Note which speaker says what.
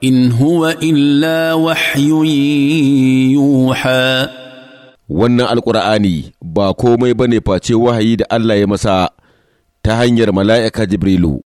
Speaker 1: Inhuwa huwa illa wahyun yuha wannan alkur'ani ba komai bane face wahayi da Allah ya masa
Speaker 2: ta hanyar mala'ika Jibrilu.